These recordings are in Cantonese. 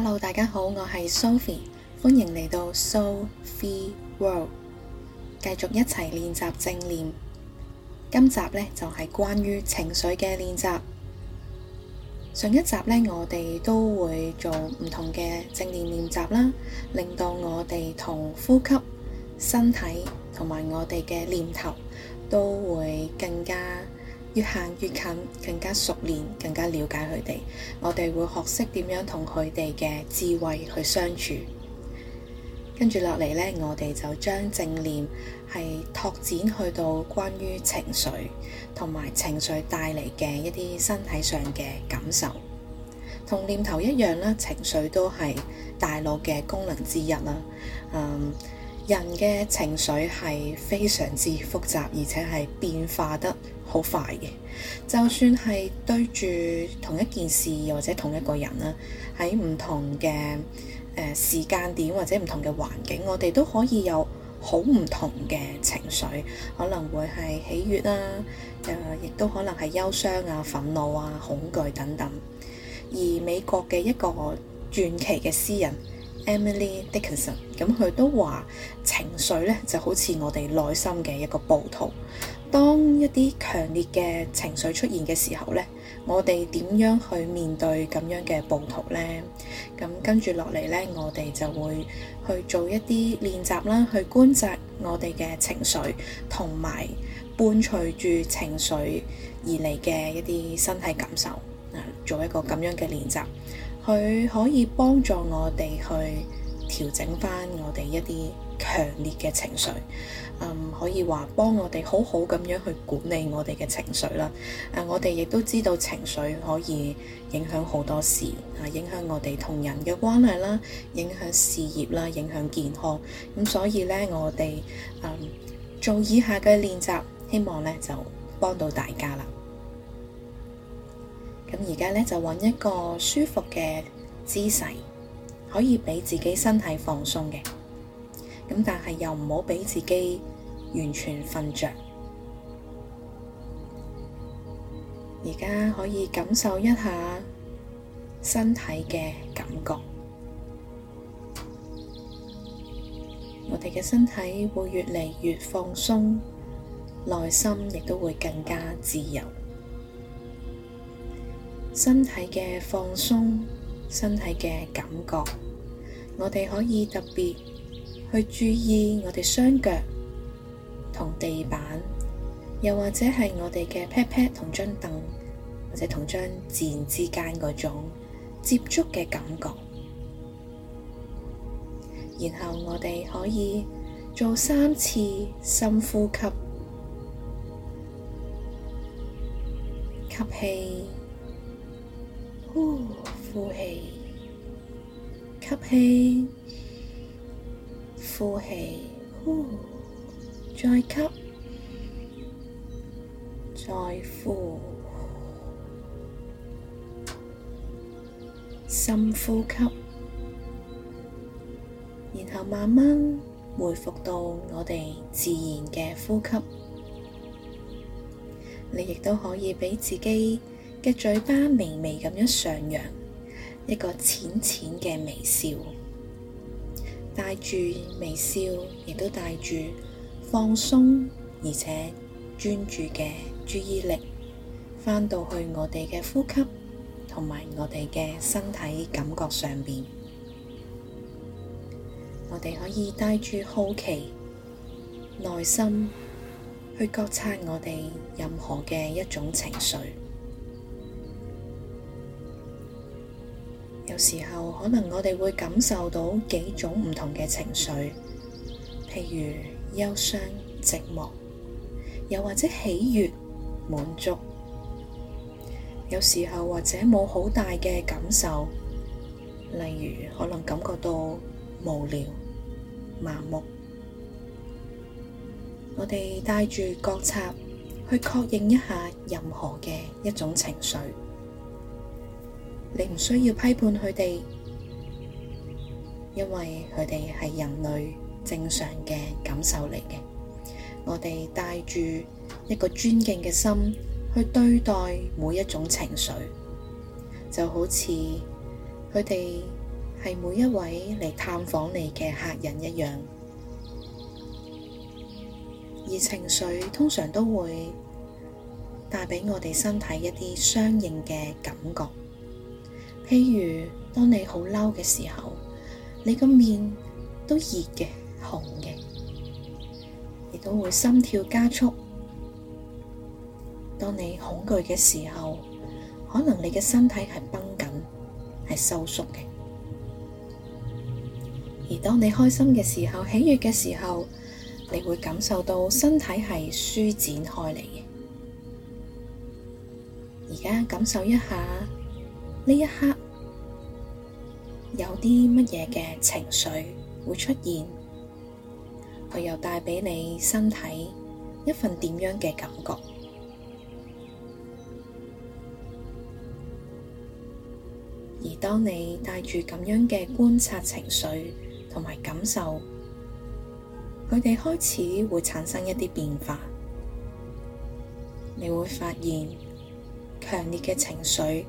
Hello，大家好，我係 Sophy，歡迎嚟到 Soul Free World，繼續一齊練習正念。今集咧就係關於情緒嘅練習。上一集咧，我哋都會做唔同嘅正念練習啦，令到我哋同呼吸、身體同埋我哋嘅念頭都會更加。越行越近，更加熟練，更加了解佢哋。我哋會學識點樣同佢哋嘅智慧去相處。跟住落嚟咧，我哋就將正念係拓展，去到關於情緒同埋情緒帶嚟嘅一啲身體上嘅感受。同念頭一樣啦，情緒都係大腦嘅功能之一啦。嗯，人嘅情緒係非常之複雜，而且係變化得好快嘅，就算係對住同一件事或者同一個人啦，喺唔同嘅誒、呃、時間點或者唔同嘅環境，我哋都可以有好唔同嘅情緒，可能會係喜悅啦，誒、呃、亦都可能係憂傷啊、憤怒啊、恐懼等等。而美國嘅一個傳奇嘅詩人 Emily Dickinson，咁佢都話情緒呢就好似我哋內心嘅一個暴徒。當一啲強烈嘅情緒出現嘅時候呢，我哋點樣去面對咁樣嘅暴徒呢？咁跟住落嚟呢，我哋就會去做一啲練習啦，去觀察我哋嘅情緒，同埋伴隨住情緒而嚟嘅一啲身體感受，做一個咁樣嘅練習，佢可以幫助我哋去。調整翻我哋一啲強烈嘅情緒，嗯，可以話幫我哋好好咁樣去管理我哋嘅情緒啦。誒、啊，我哋亦都知道情緒可以影響好多事啊，影響我哋同人嘅關係啦、啊，影響事業啦、啊，影響健康。咁、啊、所以咧，我哋嗯、啊、做以下嘅練習，希望咧就幫到大家啦。咁而家咧就揾一個舒服嘅姿勢。可以畀自己身體放鬆嘅，咁但係又唔好畀自己完全瞓着。而家可以感受一下身體嘅感覺，我哋嘅身體會越嚟越放鬆，內心亦都會更加自由，身體嘅放鬆，身體嘅感覺，我哋可以特別去注意我哋雙腳同地板，又或者係我哋嘅 pat pat 同張凳，或者同張墊之間嗰種接觸嘅感覺。然後我哋可以做三次深呼吸，吸氣，呼。呼氣，吸氣，呼氣，呼，再吸，再呼，深呼吸，然後慢慢回復到我哋自然嘅呼吸。你亦都可以畀自己嘅嘴巴微微咁樣上揚。一個淺淺嘅微笑，帶住微笑亦都帶住放鬆而且專注嘅注意力，返到去我哋嘅呼吸同埋我哋嘅身體感覺上邊，我哋可以帶住好奇、耐心去覺察我哋任何嘅一種情緒。有時候，可能我哋會感受到幾種唔同嘅情緒，譬如憂傷、寂寞，又或者喜悅、滿足。有時候，或者冇好大嘅感受，例如可能感覺到無聊、麻木。我哋帶住覺察去確認一下任何嘅一種情緒。你唔需要批判佢哋，因為佢哋係人類正常嘅感受嚟嘅。我哋帶住一個尊敬嘅心去對待每一種情緒，就好似佢哋係每一位嚟探訪你嘅客人一樣。而情緒通常都會帶畀我哋身體一啲相應嘅感覺。譬如，當你好嬲嘅時候，你個面都熱嘅、紅嘅，亦都會心跳加速。當你恐懼嘅時候，可能你嘅身體係繃緊、係收縮嘅；而當你開心嘅時候、喜悅嘅時候，你會感受到身體係舒展開嚟嘅。而家感受一下。呢一刻有啲乜嘢嘅情緒會出現，佢又帶畀你身體一份點樣嘅感覺？而當你帶住咁樣嘅觀察情緒同埋感受，佢哋開始會產生一啲變化。你會發現強烈嘅情緒。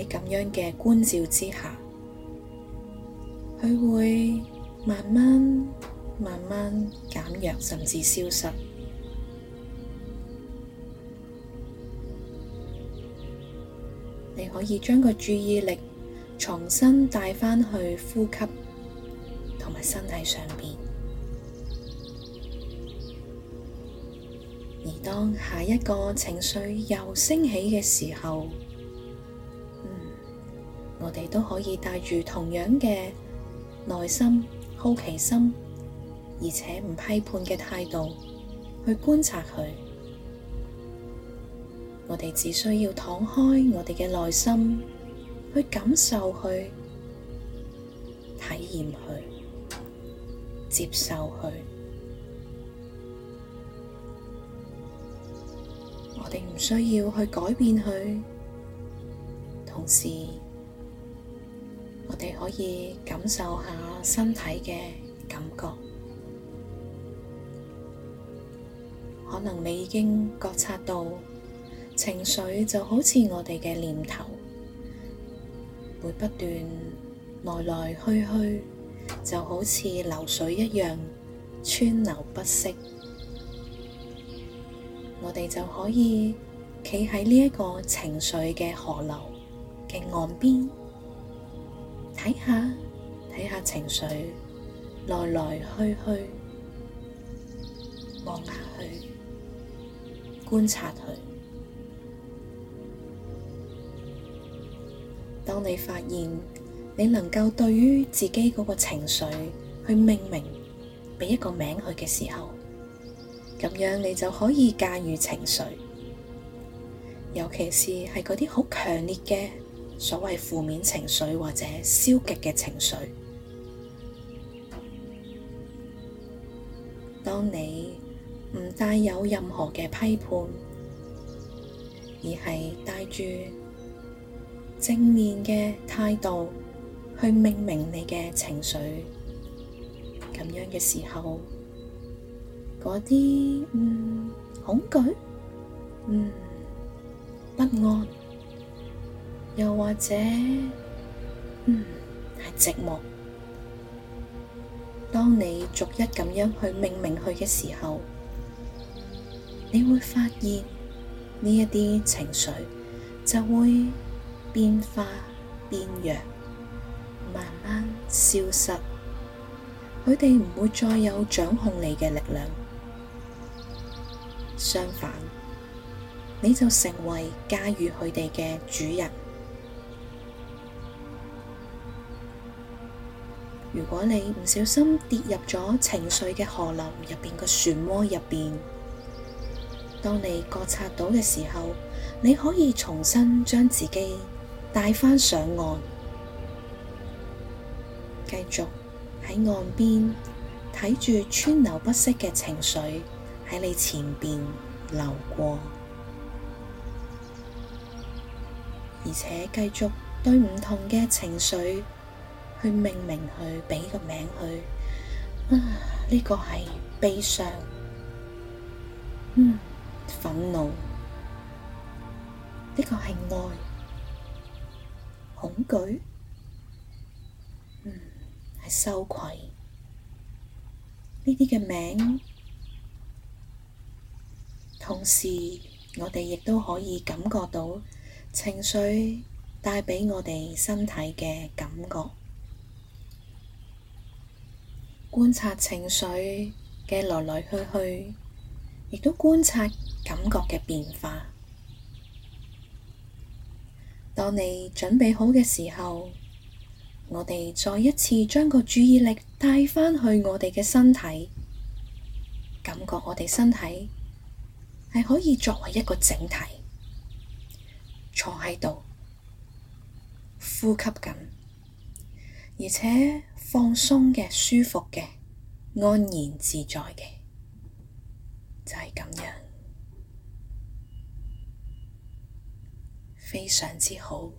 喺咁樣嘅觀照之下，佢會慢慢、慢慢減弱，甚至消失。你可以將個注意力重新帶返去呼吸同埋身體上邊，而當下一個情緒又升起嘅時候。我哋都可以帶住同樣嘅耐心、好奇心，而且唔批判嘅態度去觀察佢。我哋只需要敞開我哋嘅內心，去感受佢、體驗佢、接受佢。我哋唔需要去改變佢，同時。我哋可以感受下身體嘅感覺，可能你已經覺察到，情緒就好似我哋嘅念頭，會不斷來來去去，就好似流水一樣，川流不息。我哋就可以企喺呢一個情緒嘅河流嘅岸邊。睇下，睇下情緒，來來去去，望下去，觀察佢。當你發現你能夠對於自己嗰個情緒去命名，俾一個名佢嘅時候，咁樣你就可以駕馭情緒，尤其是係嗰啲好強烈嘅。所謂負面情緒或者消極嘅情緒，當你唔帶有任何嘅批判，而係帶住正面嘅態度去命名你嘅情緒，咁樣嘅時候，嗰啲、嗯、恐懼、嗯、不安。又或者，嗯，係寂寞。當你逐一咁樣去命名佢嘅時候，你會發現呢一啲情緒就會變化、變弱，慢慢消失。佢哋唔會再有掌控你嘅力量。相反，你就成為駕馭佢哋嘅主人。如果你唔小心跌入咗情緒嘅河流入邊個漩渦入邊，當你覺察到嘅時候，你可以重新將自己帶翻上岸，繼續喺岸邊睇住川流不息嘅情緒喺你前邊流過，而且繼續對唔同嘅情緒。去命名，去、呃、畀個名佢。呢個係悲傷，嗯，憤怒，呢個係愛，恐懼，嗯，係羞愧。呢啲嘅名，同時我哋亦都可以感覺到情緒帶畀我哋身體嘅感覺。觀察情緒嘅來來去去，亦都觀察感覺嘅變化。當你準備好嘅時候，我哋再一次將個注意力帶返去我哋嘅身體，感覺我哋身體係可以作為一個整體坐喺度呼吸緊，而且。放鬆嘅、舒服嘅、安然自在嘅，就係、是、咁樣，非常之好。